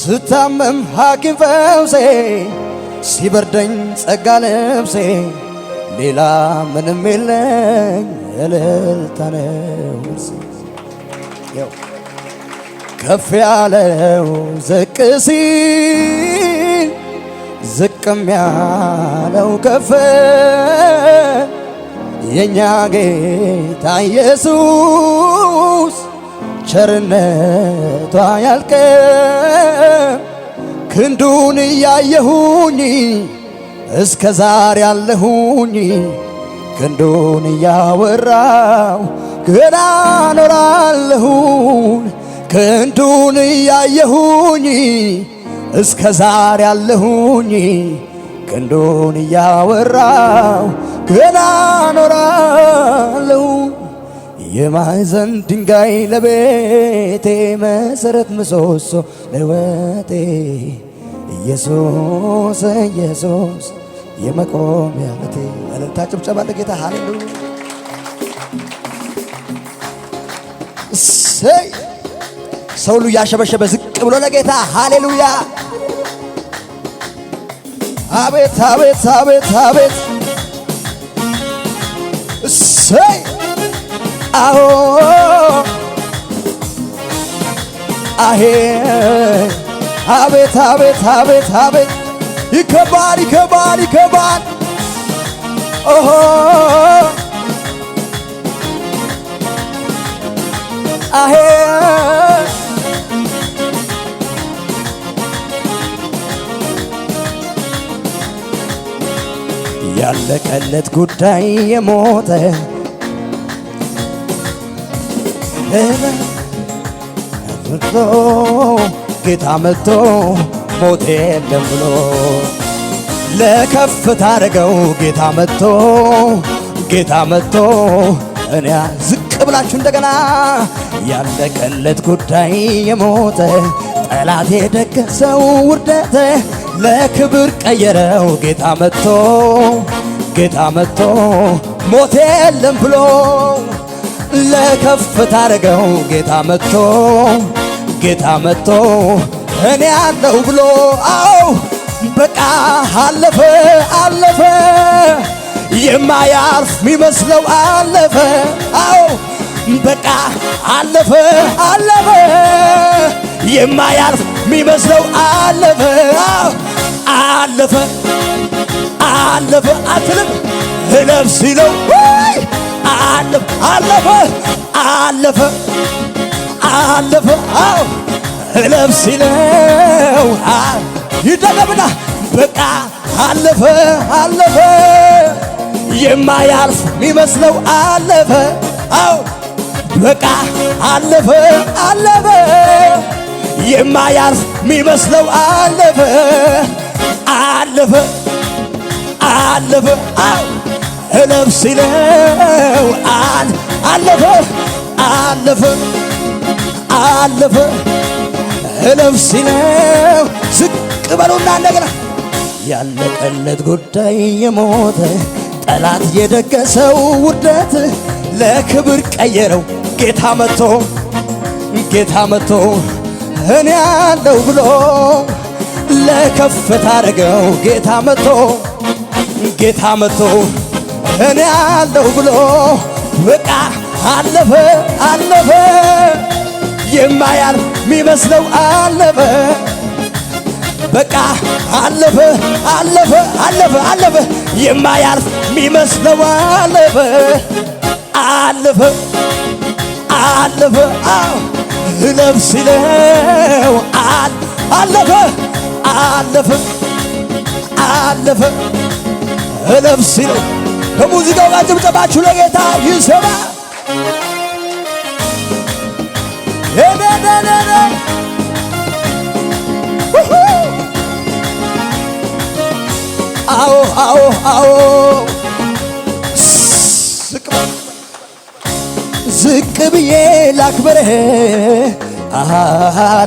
ስታመም ሐኪም ፈውሴ ሲበርደኝ ጸጋ ልብሴ ሌላ ምንም የለኝ እልልታ ነው ከፍ ያለው ዝቅ ሲል ዝቅም ያለው ከፍ የእኛ ጌታ ኢየሱስ ቸርነቷ አያልቅም ክንዱን እያየሁኝ እስከ ዛሬ አለሁኝ ክንዱን እያወራው ገና ኖራለሁን ክንዱን እያየሁኝ እስከ ዛሬ አለሁኝ ክንዱን እያወራው ገና የማዕዘን ድንጋይ ለቤቴ መሰረት ምሰሶ ለወቴ ኢየሱስ ኢየሱስ የመቆሚያ ቤቴ። እልልታ ጭብጨባ ለጌታ ሃሌሉ ሰይ ሰው ሁሉ እያሸበሸበ ዝቅ ብሎ ለጌታ ሃሌሉያ! አቤት አቤት አቤት አቤት እሰይ አዎ አሄ አቤት አቤት አቤት አቤት ይከባል ይከባል ይከባል ኦሆ አሄ ያለቀለት ጉዳይ የሞተ መቶ ጌታ መቶ ሞት የለም ብሎ ለከፍታ አረገው ጌታ መቶ ጌታ መቶ እኔ ዝቅ ብላችሁ እንደገና ያለቀለት ጉዳይ የሞተ ጠላት የደገሰው ውርደት ለክብር ቀየረው ጌታ መቶ ጌታ መቶ ሞት የለም ብሎ ለከፍታ አረገው ጌታ መጥቶ ጌታ መጥቶ እኔ አለሁ ብሎ አው በቃ አለፈ አለፈ የማያርፍ የሚመስለው አለፈ አው በቃ አለፈ አለፈ የማያርፍ የሚመስለው አለፈ አለፈ አለፈ አትልም እለፍ ሲለው አለፈ አለፈ አለፈ አለፈ አው እለፍ ሲለው ይደገምና በቃ አለፈ አለፈ የማያልፍ የሚመስለው አለፈ አው በቃ አለፈ አለፈ የማያልፍ የሚመስለው አለፈ አለፈ አለፈ አው እለፍ ሲለው አል አለፈ አለፈ አለፈ እለፍ ሲለው ዝቅ በሉና እንደገና ያለቀለት ጉዳይ የሞተ ጠላት የደገሰው ውርደት ለክብር ቀየረው ጌታ መጥቶ ጌታ መጥቶ እኔ አለው ብሎ ለከፍታ አረገው ጌታ መጥቶ ጌታ መጥቶ እኔ አለሁ ብሎ በቃ አለፈ አለፈ የማያል የሚመስለው አለፈ በቃ አለፈ አለፈ አለፈ አለፈ የማያልፍ የሚመስለው አለፈ አለፈ አለፈ እለፍ ሲለው አለፈ አለፈ አለፈ እለፍ ሲለው ከሙዚቃው ጋር ጭብጨባችሁ ለጌታ ይሰማ። አዎ አዎ አዎ ዝቅ ብዬ ላክብርህ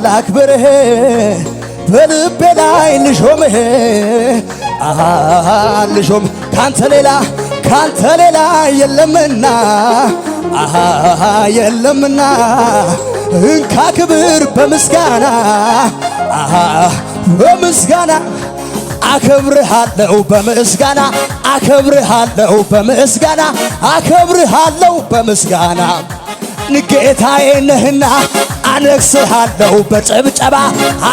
ላክብርህ በልቤ ላይ ልሾምህ ልሾምህ ካንተ ሌላ ካንተ ሌላ የለምና አሃ የለምና እንካ ክብር በምስጋና አሃ በምስጋና አከብርሃለው በምስጋና አከብርሃለው በምስጋና አከብርሃለው በምስጋና ንጌታዬ ነህና አነግስሃለው በጭብጨባ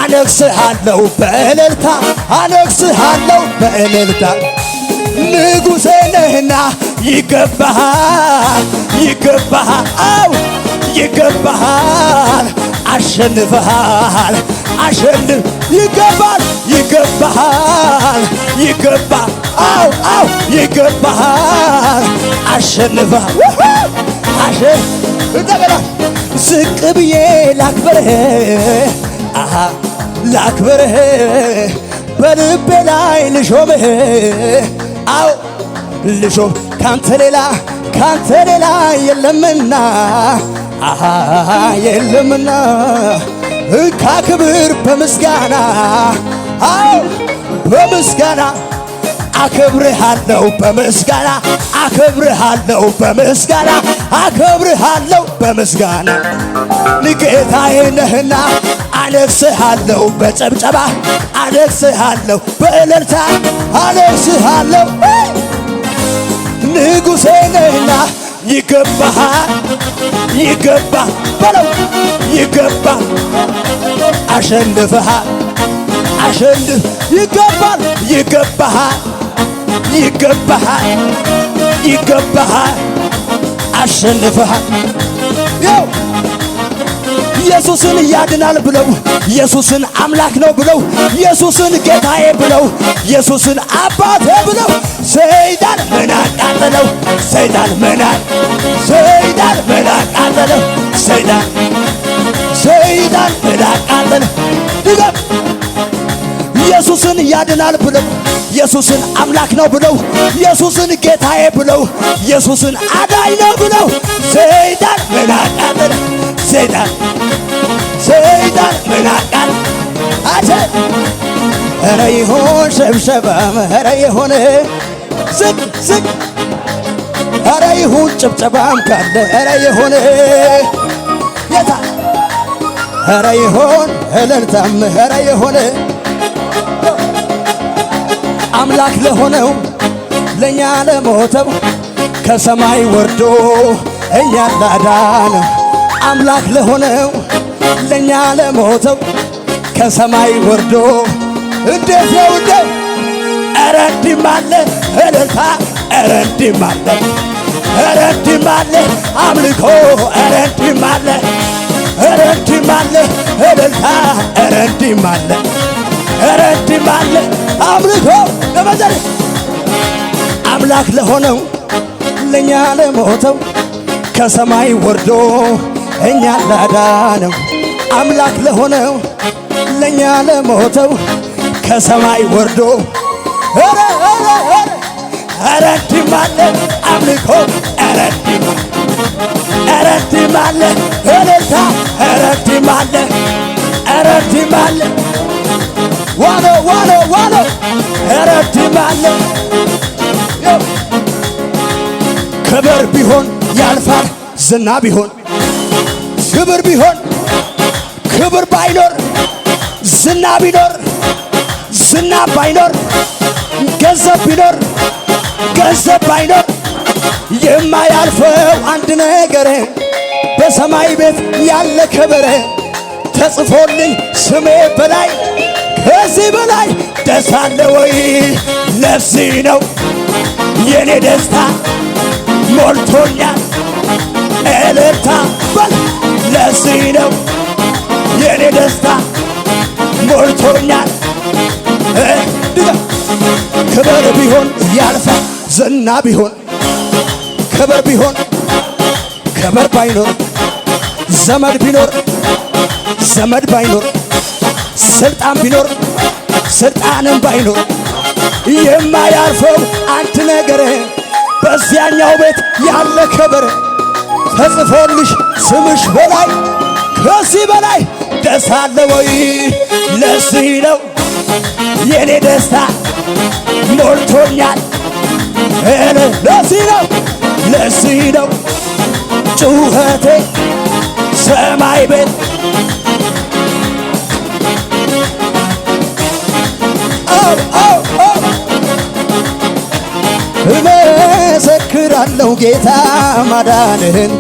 አነግስሃለው በእልልታ አነግስሃለው በእልልታ ንጉሴ ነህና ይገባሃል፣ ይገባሃል፣ ይገባሃል፣ አሸንፈሃል፣ አሸንፍ ይገባል፣ ይገባሃል፣ ይገባ አው አው ይገባሃል፣ አሸንፈሃል፣ አሸንፍ እንደገና ዝቅ ብዬ ላክብርህ ላክብርህ በልቤ ላይ ልሾምህ አው ልሾም ካንተ ሌላ ካንተ ሌላ የለምና አሃ የለምና እካ ክብር በምስጋና አው በምስጋና አከብርሃለሁ በምስጋና አከብርሃለሁ በምስጋና አከብርሃለሁ በምስጋና ንጌታዬ ነህና አለቅስሃለሁ በጨብጨባ አለቅስሃለሁ በእልልታ አለቅስሃለሁ ንጉሴ ነህና ይገባሃ ይገባ በለው ይገባ አሸንፈሃ አሸንፍ ይገባል ይገባሃ ይገባሃ ይገባሃ አሸንፈሃ ኢየሱስን ያድናል ብለው ኢየሱስን አምላክ ነው ብለው ኢየሱስን ጌታዬ ብለው ኢየሱስን አባቴ ብለው ሰይጣን ምን አቃጠለው? ሰይጣን ምን ሰይጣን ምን አቃጠለው? ሰይጣን ሰይጣን ምን አቃጠለው? ድገም ኢየሱስን ያድናል ብለው ኢየሱስን አምላክ ነው ብለው ኢየሱስን ጌታዬ ብለው ኢየሱስን አዳኝ ነው ብለው ሰይጣን ምን አቃጠለ ሰይጣን እረ መናቃል አቸ ኧረ ይሆን ስብሰባም ኧረ ይሆን ዝቅ ዝቅ ኧረ ይሁን ጭብጨባም ካለ ኧረ ይሆን የታ ኧረ ይሆን እልልታም ኧረ ይሆን አምላክ ለሆነው ለእኛ ለሞተው ከሰማይ ወርዶ እኛን ላዳነው አምላክ ለሆነው ለእኛ ለሞተው ከሰማይ ወርዶ እንዴት የውደው እረድማለ እልልታ እረድማለ እረድማለ አምልኮ እረድማለ እረድማለ እልልታ እረድማለ እረድማለ አምልኮ ለመዘር አምላክ ለሆነው ለእኛ ለሞተው ከሰማይ ወርዶ እኛ ላዳነው አምላክ ለሆነው ለእኛ ለሞተው ከሰማይ ወርዶ እረድማለ አምልኮ እረድማ እልልታ እረድማለ እረድማለ ዋሎ ዋሎ ዋሎ ክብር ቢሆን ያልፋል ዝና ቢሆን ክብር ቢሆን ክብር ባይኖር ዝና ቢኖር ዝና ባይኖር ገንዘብ ቢኖር ገንዘብ ባይኖር የማያልፈው አንድ ነገር በሰማይ ቤት ያለ ክብር ተጽፎልኝ ስሜ በላይ ከዚህ በላይ ደስታ አለ ወይ? ነፍሴ ነው የኔ ደስታ ሞልቶኛል እልልታ በል ለዚህ ነው የኔ ደስታ ሞልቶኛል። ክብር ቢሆን ያልፋል፣ ዝና ቢሆን ክብር ቢሆን ክብር ባይኖር ዘመድ ቢኖር ዘመድ ባይኖር ስልጣን ቢኖር ስልጣንም ባይኖር የማያልፈው አንድ ነገር በዚያኛው ቤት ያለ ክብር ተጽፎልሽ ስምሽ በላይ ከዚህ በላይ ደስታ አለ ወይ? ለዚህ ነው የኔ ደስታ ሞልቶኛል። ለዚህ ነው ለዚህ ነው ጩኸቴ ሰማይ ቤት እመ አለው ጌታ ማዳንህን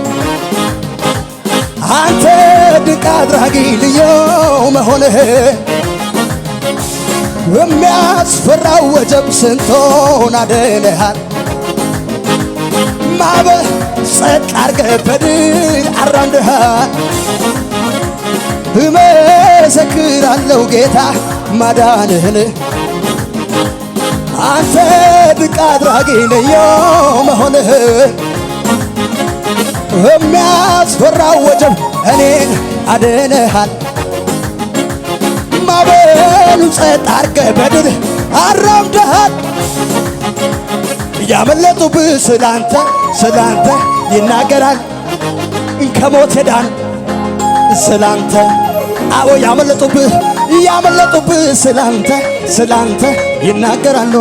አንተ ድንቅ አድራጊ ልዩ መሆንህን የሚያስፈራው ወጀብ ስንቶን አድነሃል ማበ ጸጥ አርገህ በድል አራምደሃል እመሰክራለሁ ጌታ ማዳንህን አንተ ጻድቅ አድራጊ ነየው መሆንህ የሚያስፈራው ወጀብ እኔን አድነሃል። ማዕበሉ ጸጥ አርገ በድል አራምደሃል። ያመለጡብህ ስላንተ ስላንተ ይናገራል ከሞት ሄዳን ስላንተ አዎ ያመለጡብህ ያመለጡብህ ስላንተ ስላንተ ይናገራሉ።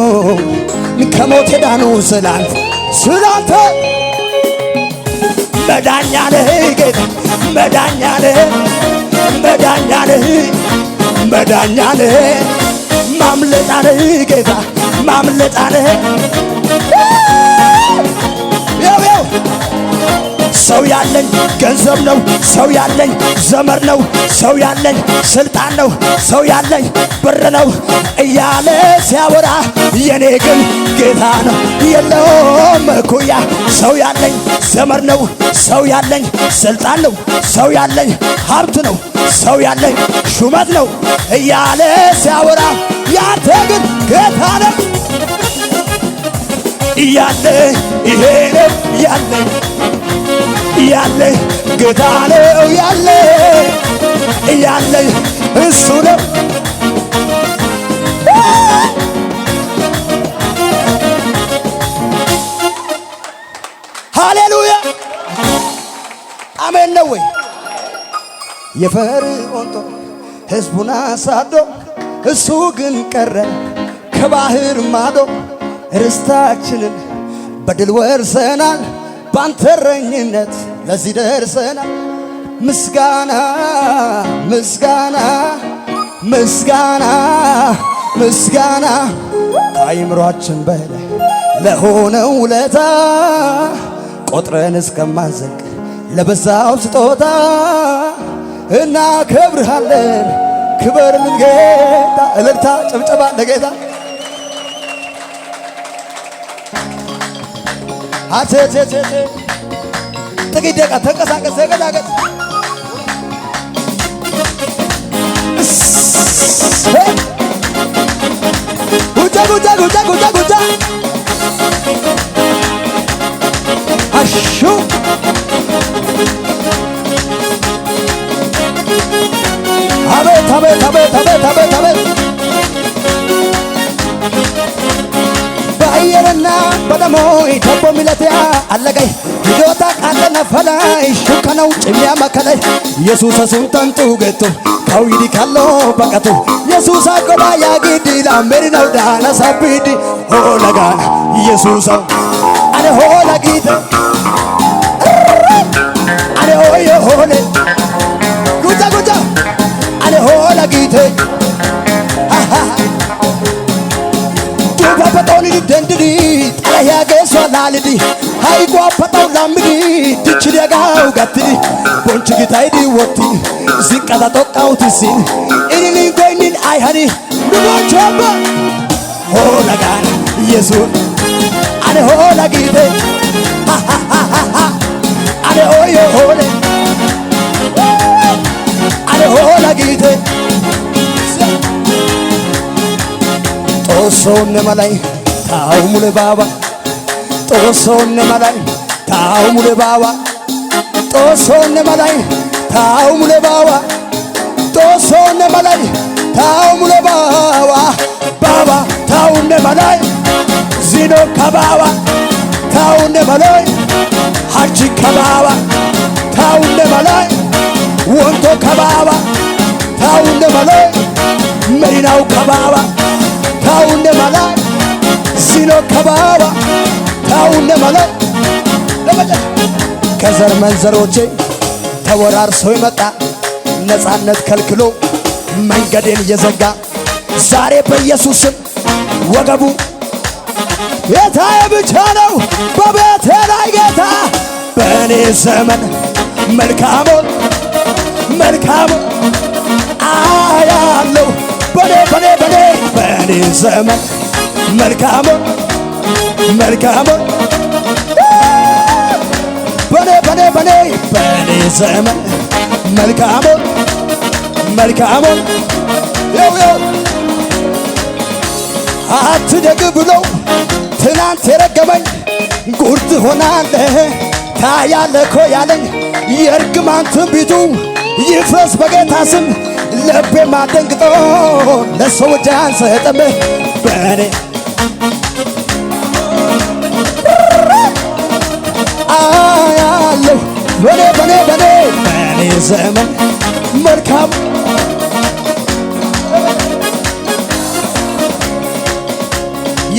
ከሞት የዳኑ ስላንተ ስላንተ መዳኛ ነህ ጌታ መዳኛ ነህ መዳኛ ነህ መዳኛ ነህ ማምለጫ ነህ ጌታ ማምለጫ ነህ ሰው ያለኝ ገንዘብ ነው፣ ሰው ያለኝ ዘመር ነው፣ ሰው ያለኝ ስልጣን ነው፣ ሰው ያለኝ ብር ነው እያለ ሲያወራ የኔ ግን ጌታ ነው የለውም እኩያ። ሰው ያለኝ ዘመር ነው፣ ሰው ያለኝ ስልጣን ነው፣ ሰው ያለኝ ሀብት ነው፣ ሰው ያለኝ ሹመት ነው እያለ ሲያወራ ያንተ ግን ጌታ ነው እያለ ይሄ ነው ያለኝ ያለ ጌታ ነው ያለ ያለ እሱ ነው ሃሌሉያ አሜን ነው ወይ የፈርዖን ጦር ሕዝቡን አሳዶ እሱ ግን ቀረ ከባህር ማዶ ርስታችንን በድል ወርሰናል ባንተ ለዚህ ደርሰናል። ምስጋና ምስጋና ምስጋና ምስጋና ከአይምሯችን በላይ ለሆነው ውለታ ቆጥረን እስከማንዘልቅ ለበዛው ስጦታ እናከብርሃለን። ክብር ልንጌታ እልልታ ጭብጨባ ለጌታ አቴቴቴቴ ጥቂት ደቂቃ ተንቀሳቀስ ተገዳገጥ ጉጃ ጉጃ ጉጃ ጉጃ ጉጃ አሹ አቤት አቤት አቤት አቤት አቤት አቤት ቀየረና በደሞ ኢቶቦ ሚለትያ አለቀይ ልጆታ ቃለነ ፈላይ ሹከነው ጭሚያ መከለይ ኢየሱሰ ሱንተንጡ ጌቶ ከውይዲ ካሎ በቀቱ ኢየሱሳ ጎባ ያጊዲ ላሜሪነው ዳነ ሳቢዲ ሆለጋና ኢየሱሳ አኔ ሆለ ጊተ አኔ ሆየ ሆለ ጉጃ ጉጃ አኔ ሆለ ጊቴ ጦኒን ደንድኒ ጠለያገሷ ላልኒ ሃይቋ ፈጠው ላምኒ ድችደጋው ገትኒ ቦንችግታይዲ ወቲ ዝቀታ ጦቃውትሲን ኢኒኒ ጎይኒን አይሃኒ ንቦቸበ ሆለጋን ኢየሱስ አነ ሆለጊቴ አነ ኦዮ ሆነ አነ ሆለጊቴ ጦሶ ነመላይ ታው ሙለ ባባ ጦሶነ መላይ ታው ሙለ ባባ ጦሶነ መላይ ታው ሙለ ጦሶነ መላይ ታው ሙለ ባባ ታውነ መላይ ዚኖ ከባባ ታውነ መላይ ሀጂ ከባባ ታውነ መላይ ወንቶ ከባባ ታውነ መላይ መዲናው ከባባ ታውነ መላይ ሲኖ ከባባ ታውን ለማለት ከዘር መንዘሮቼ ተወራርሶ ይመጣ ነፃነት ከልክሎ መንገዴን እየዘጋ ዛሬ በኢየሱስም ወገቡ ጌታዬ ብቻ ነው በቤቴ ላይ ጌታ በእኔ ዘመን መልካሞን መልካሞ አያለው በኔ በኔ በኔ በእኔ ዘመን መልካሞ መልካሞ በኔ በኔ በኔ በኔ ዘመን መልካሞ መልካሞ አትደግ ብሎ ትናንት የረገመኝ ጉርት ሆናለህ ታያለህ እኮ ያለኝ የእርግማን ትንቢቱ ይፍረስ በጌታ ስም ልቤ ማደንግጦ ለሰው እጅ አንሰጥም በኔ አያለሁ በኔ በኔ በኔ በኔ ዘመን መልካም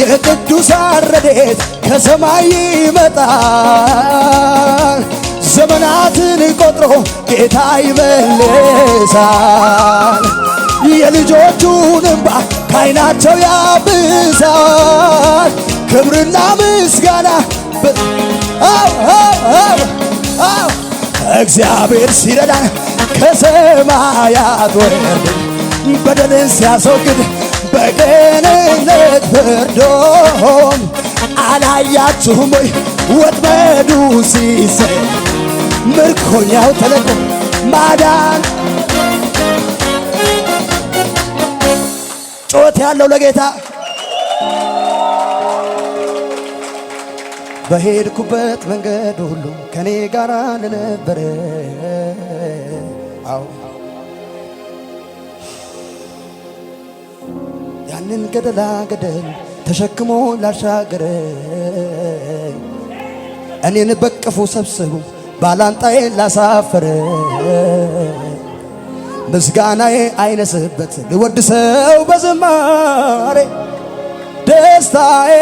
የቅዱሳን ረድኤት ከሰማይ ይመጣል። ዘመናትን ቆጥሮ ጌታ ይመልሳል የልጆቹን እንባ ከዓይናቸው ያብዛል ክብርና ምስጋና እግዚአብሔር ሲረዳን ከሰማያት ወርዶ በደልን ሲያስወግድ በቅንነት ፍርዶም አላያችሁም ወይ? ወጥመዱ ሲሰ ምርኮኛው ተለቆ ማዳን ጩኸት ያለው ለጌታ በሄድኩበት መንገድ ሁሉ ከኔ ጋር ለነበረ አው ያንን ገደላ ገደል ተሸክሞ ላሻገረ እኔን በቅፉ ሰብስቡ ባላንጣዬ ላሳፈረ ምስጋናዬ አይነስበት ልወድሰው በዝማሬ ደስታዬ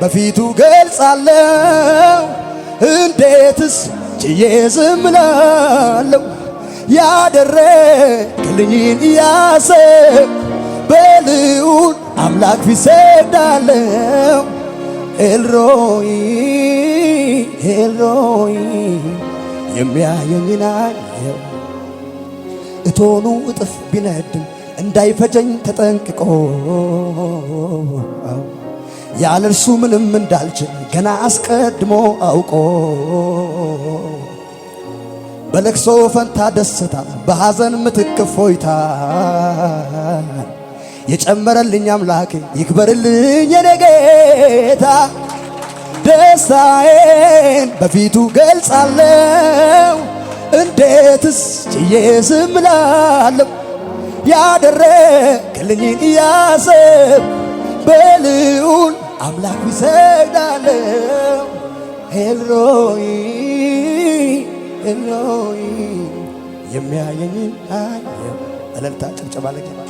በፊቱ ገልጻለሁ። እንዴትስ ጭዬ ዝም እላለሁ? ያደረግልኝን እያሰብ በልዑል አምላክ ፊት ሰግዳለሁ። ኤልሮይ ኤልሮይ የሚያየኝን አየሁ እቶኑ እጥፍ ቢነድም እንዳይፈጀኝ ተጠንቅቆ ያለ እርሱ ምንም እንዳልችል ገና አስቀድሞ አውቆ በለቅሶ ፈንታ ደስታ፣ በሐዘን ምትክ እፎይታ የጨመረልኝ አምላክ ይክበርልኝ የኔ ጌታ። ደስታዬን በፊቱ ገልጻለሁ እንዴትስ ችዬ ዝምላለሁ ያደረክልኝን እያሰብ በልዑል አምላክ ይሰግዳለሁ። ኤልሮይ ኤልሮይ የሚያየኝ አየው። እልልታ ጭብጨባ